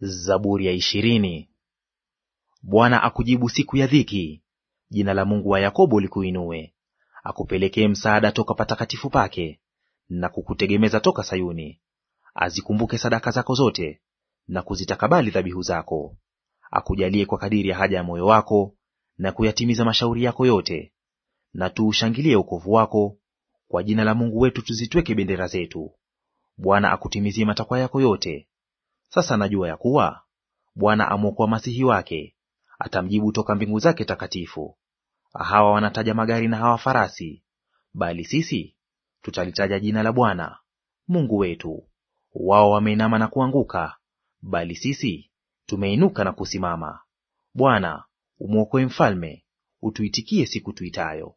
Zaburi ya ishirini. Bwana akujibu siku ya dhiki, jina la Mungu wa Yakobo likuinue. Akupelekee msaada toka patakatifu pake, na kukutegemeza toka Sayuni. Azikumbuke sadaka zako zote, na kuzitakabali dhabihu zako. Akujalie kwa kadiri ya haja ya moyo wako, na kuyatimiza mashauri yako yote. Na tuushangilie ukovu wako, kwa jina la Mungu wetu tuzitweke bendera zetu. Bwana akutimizie matakwa yako yote sasa najua ya kuwa Bwana amwokoa masihi wake, atamjibu toka mbingu zake takatifu. Hawa wanataja magari na hawa farasi, bali sisi tutalitaja jina la Bwana Mungu wetu. Wao wameinama na kuanguka, bali sisi tumeinuka na kusimama. Bwana, umwokoe mfalme, utuitikie siku tuitayo.